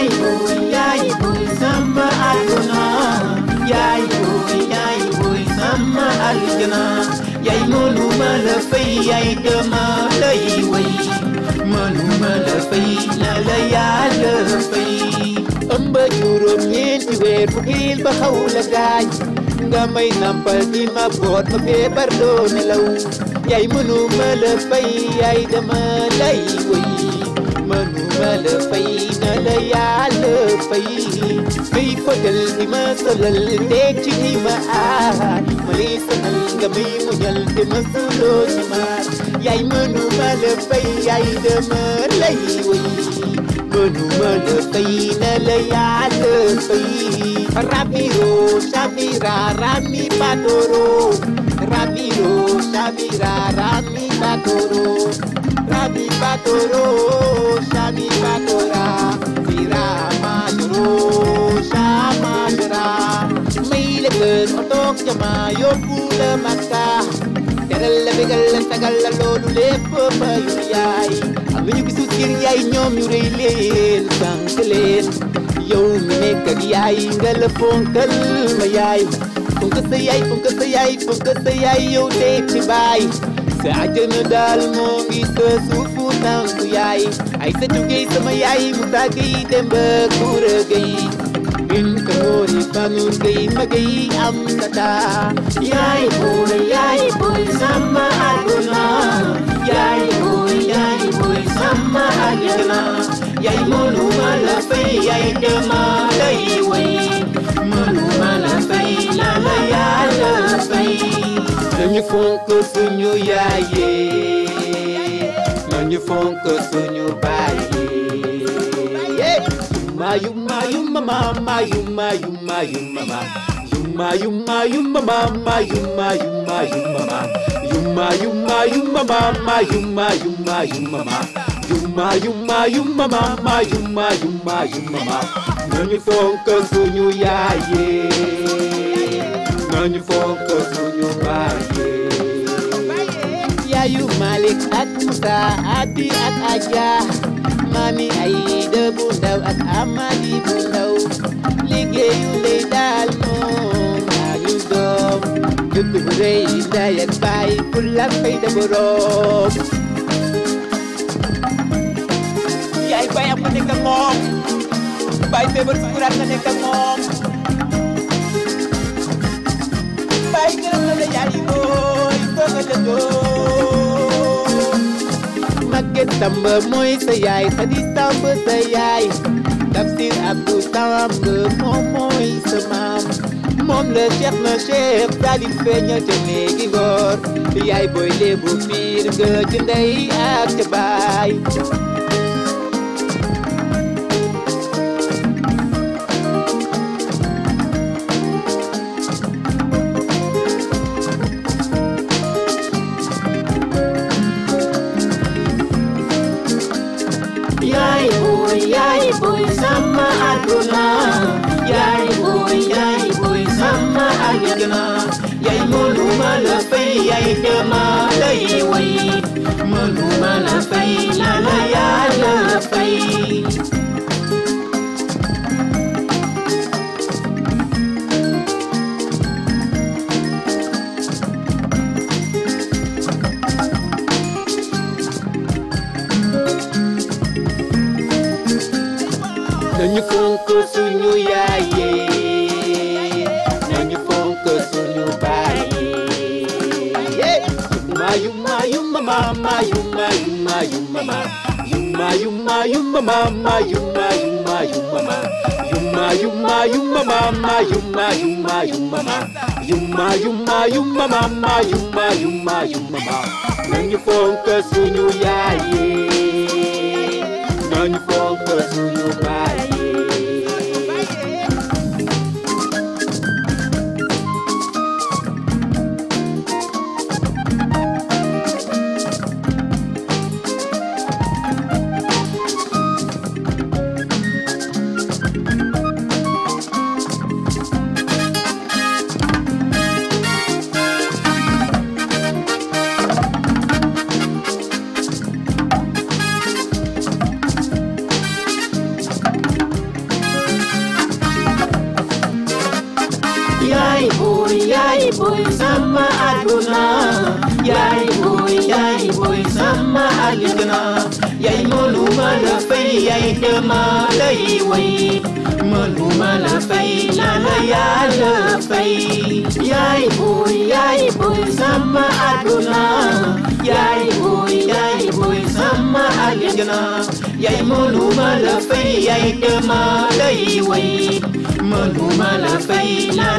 yaay booy yaay booy sama àdduna yaay booy yaay booy sama àdduna yaay mënuma la fay yaay dama lay way mënuma la fay na la yàlla fay ëmb juróom ñeenti weer bu xiil ba xaw la gaañ nga may nampal di ma boot ma feebar doo nelaw yaay mënuma la fay yaay dama lay way መኑ መለፈይ ነለያለፈይ ከይፈገል ይመስለል ዴችን ይመአል መሌሰነል ገመይ ሙኛል ደመስሎች ማር ያይ መኑ መለፈይ ያይ ደመለይ ወይ መኑ መለፈይ ነለያለፈይ ራቢሮ ሻቢራ ራሚ ባዶሮ ራቢሮ ሻቢራ ራሚ ባዶሮ ራሚ ባዶሮ teral la bégal la la loolu lépp mayu yaay am nañu gisu yaay ñoom ñu rëy leen sànq leen yow mi yaay nga la fonkal ma yaay fonka sa yaay fonka sa yaay fonka sa yaay yow dee ci baay sa àjjana daal moo ngi sa yaay ay sa jógee sama yaay mu tàgg yi dem ba bil kamori banu gay magay am tata yai boy yai boy sama aguna yai boy yai boy sama aguna yai mulu mala pay yai dama lay way mulu mala pay la la ya la pay Lanyu fon ko sunyu yai, Lanyu fon ko sunyu baye Yuma, yuma, yuma, mama, yuma, yuma, yuma, mama. Yuma, yuma, yuma, mama, yuma, yuma, yuma, mama. Yuma, yuma, yuma, mama, yuma, yuma, yuma, mama. Yuma, yuma, yuma, mama, yuma, yuma, yuma, mama. Nanyu fonka sunyu ya ye. Nanyu fonka sunyu ba ye. Ya yu malik at musta adi at aja. bu ndaw ak amali bu ndaw liggéeyu lay daal moom ñu doom dëkk bu rëy day ak bàyyi fu la fay da boroom yaay bàyyi am nekk ak moom bàyyi feebar sukuraat nga nekk ak moom bàyyi gërëm la yaay yi booy soo nga dëggoo Samba mooy sa yaay Xadi Samb sa yaay Tafsir Abdu moom mooy sa moom la Cheikh na Cheikh Salim feeñal ca néegi góor yaay booy léebu piir nga ci ak ca Yai boy, yai boy sama aduna Yai boy, yai boy sama aljana Yai mënuma la fay, yaay dama lay way Mënuma la fay, la la yaay ko suñu yaay yi nañu fonk suñu baay yi yumma yumma yumma mama yumma yumma yumma ma yumma yumma yumma mama yumma yumma yumma ma yumma yumma yumma mama yumma yumma yumma ma yumma yumma yumma mama yumma yumma yumma ma nañu fonk suñu yaay yi nañu fonk suñu baay yi añuskana yai molu mala fai yai de malai wai monu mala fai nana ya la fai yai boy yai boy sama aduna yai boy yai boy sama añuskana yai molu mala fai yai de malai wai monu mala fai nana